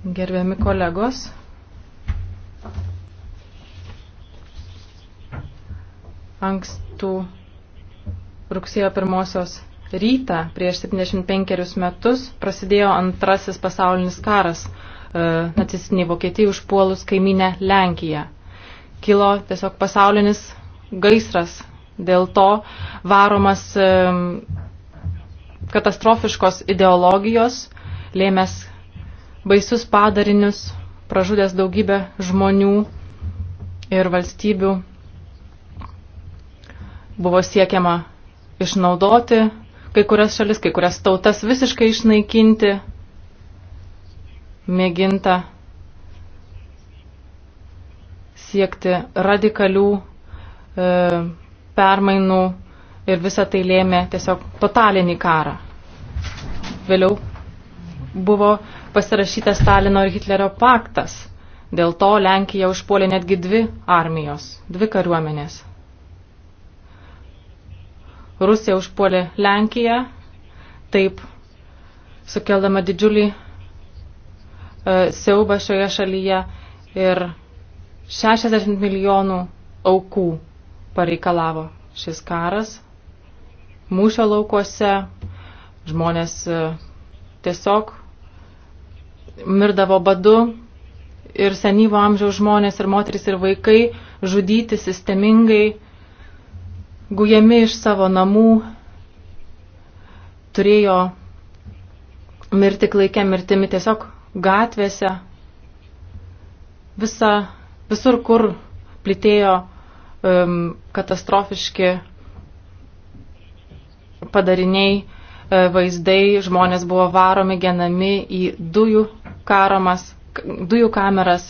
Gerbiami kolegos, ankstų rugsėjo pirmosios rytą prieš 75 metus prasidėjo antrasis pasaulinis karas e, nacistiniai Vokietijai užpuolus kaiminę Lenkiją. Kilo tiesiog pasaulinis gaisras, dėl to varomas e, katastrofiškos ideologijos, lėmęs baisius padarinius, pražudęs daugybę žmonių ir valstybių. Buvo siekiama išnaudoti kai kurias šalis, kai kurias tautas visiškai išnaikinti, mėginta siekti radikalių e, permainų ir visą tai lėmė tiesiog totalinį karą. Vėliau buvo pasirašytas Stalino ir Hitlerio paktas. Dėl to Lenkija užpuolė netgi dvi armijos, dvi kariuomenės. Rusija užpuolė Lenkiją, taip sukeldama didžiulį e, siaubą šioje šalyje ir 60 milijonų aukų pareikalavo šis karas. Mūšio laukuose žmonės e, tiesiog mirdavo badu ir senyvo amžiaus žmonės, ir moteris, ir vaikai žudyti sistemingai, gujami iš savo namų, turėjo mirti klaikę mirtimi tiesiog gatvėse, visa, visur, kur plitėjo um, katastrofiški padariniai, e, vaizdai, žmonės buvo varomi, genami į dujų karomas, dujų kameras.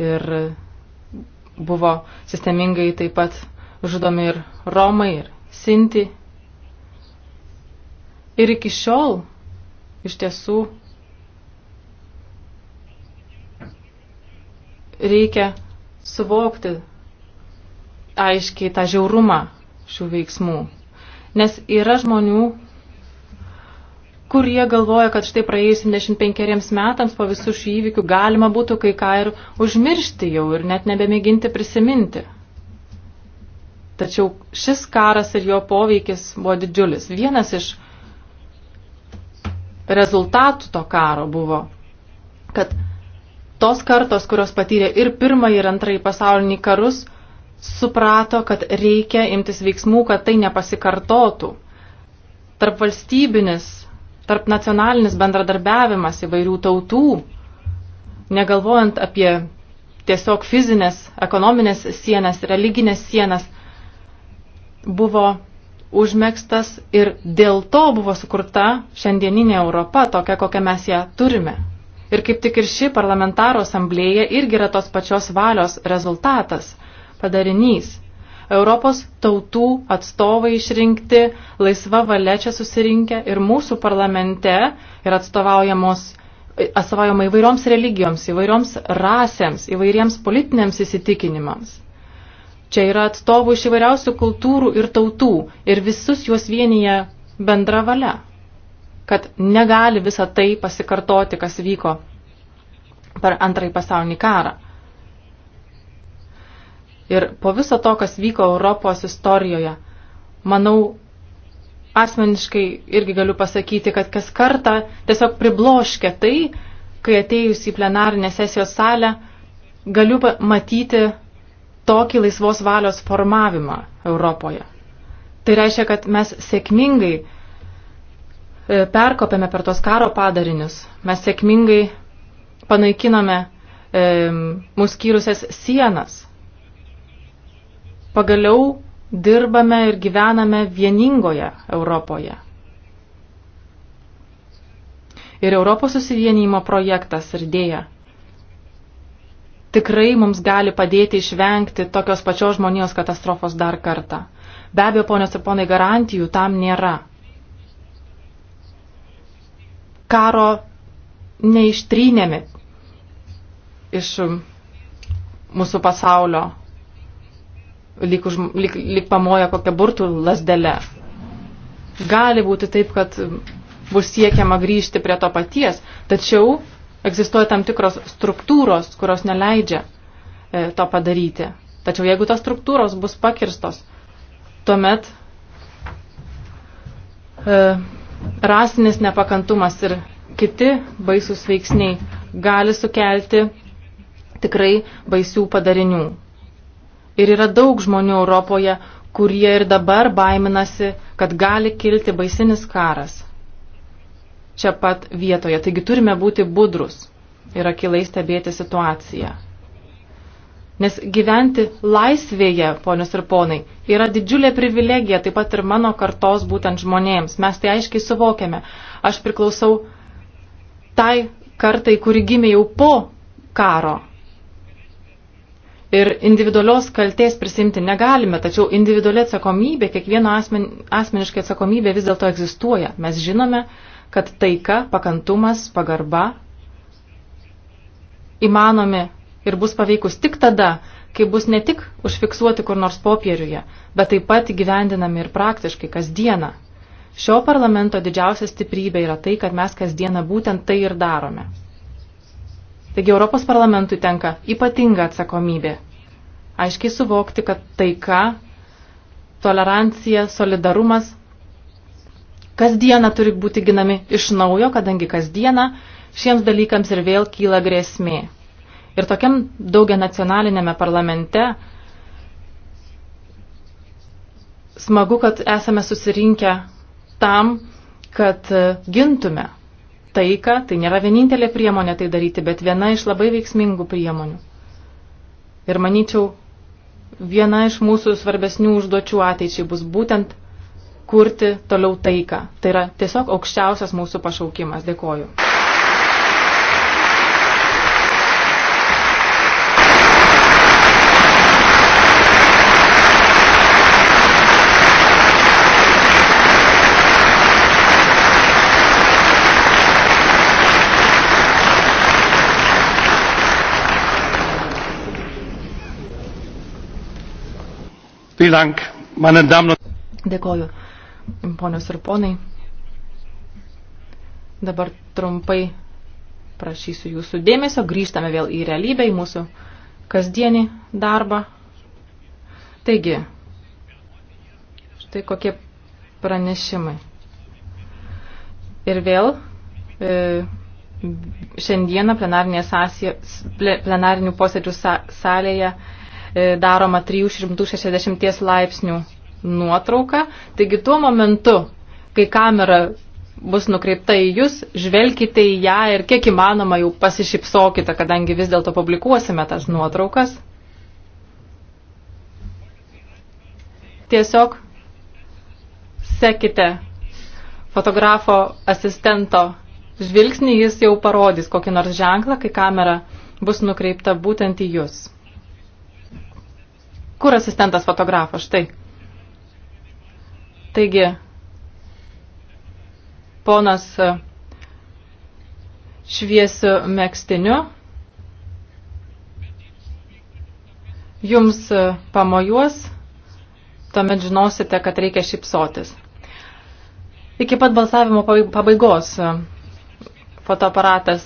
Ir buvo sistemingai taip pat žudomi ir Romai, ir Sinti. Ir iki šiol iš tiesų reikia suvokti aiškiai tą žiaurumą šių veiksmų. Nes yra žmonių, kurie galvoja, kad štai praėjus 75 metams po visų šių įvykių galima būtų kai ką ir užmiršti jau ir net nebemėginti prisiminti. Tačiau šis karas ir jo poveikis buvo didžiulis. Vienas iš rezultatų to karo buvo, kad tos kartos, kurios patyrė ir pirmąjį, ir antrąjį pasaulinį karus, suprato, kad reikia imtis veiksmų, kad tai nepasikartotų. Tarp valstybinis tarp nacionalinis bendradarbiavimas įvairių tautų, negalvojant apie tiesiog fizinės, ekonominės sienas, religinės sienas, buvo užmėgstas ir dėl to buvo sukurta šiandieninė Europa, tokia, kokią mes ją turime. Ir kaip tik ir ši parlamentaro asamblėja irgi yra tos pačios valios rezultatas, padarinys. Europos tautų atstovai išrinkti, laisva valia čia susirinkę ir mūsų parlamente yra atstovaujamos atstovaujama įvairioms religijoms, įvairioms rasėms, įvairiems politiniams įsitikinimams. Čia yra atstovų iš įvairiausių kultūrų ir tautų ir visus juos vienyje bendra valia, kad negali visą tai pasikartoti, kas vyko per antrąjį pasaulinį karą. Ir po viso to, kas vyko Europos istorijoje, manau, asmeniškai irgi galiu pasakyti, kad kas kartą tiesiog pribloškia tai, kai atėjus į plenarinę sesijos salę, galiu matyti tokį laisvos valios formavimą Europoje. Tai reiškia, kad mes sėkmingai e, perkopėme per tos karo padarinius, mes sėkmingai panaikinome e, mūsų skyrusias sienas, Pagaliau dirbame ir gyvename vieningoje Europoje. Ir Europos susivienimo projektas ir dėja tikrai mums gali padėti išvengti tokios pačios žmonijos katastrofos dar kartą. Be abejo, ponios ir ponai, garantijų tam nėra. Karo neištrynėme iš mūsų pasaulio lyg, už, lyg, lyg pamoja kokią burtų lasdelę. Gali būti taip, kad bus siekiama grįžti prie to paties, tačiau egzistuoja tam tikros struktūros, kurios neleidžia e, to padaryti. Tačiau jeigu tos struktūros bus pakirstos, tuomet e, rasinis nepakantumas ir kiti baisūs veiksniai gali sukelti tikrai baisių padarinių. Ir yra daug žmonių Europoje, kurie ir dabar baiminasi, kad gali kilti baisinis karas. Čia pat vietoje. Taigi turime būti budrus ir akilai stebėti situaciją. Nes gyventi laisvėje, ponios ir ponai, yra didžiulė privilegija taip pat ir mano kartos būtent žmonėms. Mes tai aiškiai suvokiame. Aš priklausau tai kartai, kuri gimė jau po karo Ir individualios kalties prisimti negalime, tačiau individuali atsakomybė, kiekvieno asmen, asmeniškai atsakomybė vis dėlto egzistuoja. Mes žinome, kad taika, pakantumas, pagarba įmanomi ir bus paveikus tik tada, kai bus ne tik užfiksuoti kur nors popieriuje, bet taip pat gyvendinami ir praktiškai kasdieną. Šio parlamento didžiausia stiprybė yra tai, kad mes kasdieną būtent tai ir darome. Taigi Europos parlamentui tenka ypatinga atsakomybė. Aiškiai suvokti, kad taika, tolerancija, solidarumas kasdieną turi būti ginami iš naujo, kadangi kasdieną šiems dalykams ir vėl kyla grėsmė. Ir tokiam daugia nacionalinėme parlamente smagu, kad esame susirinkę tam, kad gintume taiką, tai nėra vienintelė priemonė tai daryti, bet viena iš labai veiksmingų priemonių. Ir manyčiau, viena iš mūsų svarbesnių užduočių ateičiai bus būtent kurti toliau taiką. Tai yra tiesiog aukščiausias mūsų pašaukimas. Dėkoju. Dėkoju, ponios ir ponai. Dabar trumpai prašysiu jūsų dėmesio, grįžtame vėl į realybę, į mūsų kasdienį darbą. Taigi, štai kokie pranešimai. Ir vėl e, šiandieną plenarinėje sasė, plenarinių posėdžių sa, salėje E, daroma 360 laipsnių nuotrauka. Taigi tuo momentu, kai kamera bus nukreipta į jūs, žvelkite į ją ir kiek įmanoma jau pasišypsokite, kadangi vis dėlto publikuosime tas nuotraukas. Tiesiog sekite fotografo asistento žvilgsnį, jis jau parodys kokį nors ženklą, kai kamera bus nukreipta būtent į jūs. Kur asistentas fotografo? Štai. Taigi, ponas e, šviesiu mėgstiniu jums e, pamojuos, tuomet žinosite, kad reikia šipsotis. Iki pat balsavimo pabaigos e, fotoaparatas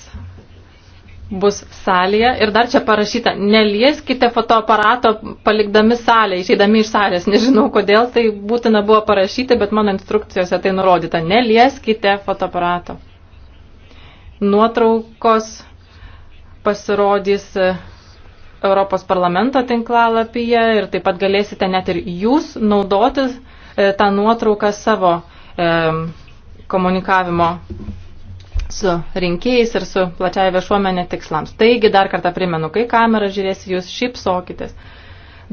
bus salėje. Ir dar čia parašyta, nelieskite fotoaparato palikdami salę, išeidami iš salės. Nežinau, kodėl tai būtina buvo parašyti, bet mano instrukcijose tai nurodyta. Nelieskite fotoaparato. Nuotraukos pasirodys e, Europos parlamento tinklalapyje ir taip pat galėsite net ir jūs naudotis e, tą nuotrauką savo e, komunikavimo su rinkėjais ir su plačiaja viešuomenė tikslams. Taigi dar kartą primenu, kai kamerą žiūrės, jūs šypsokitės.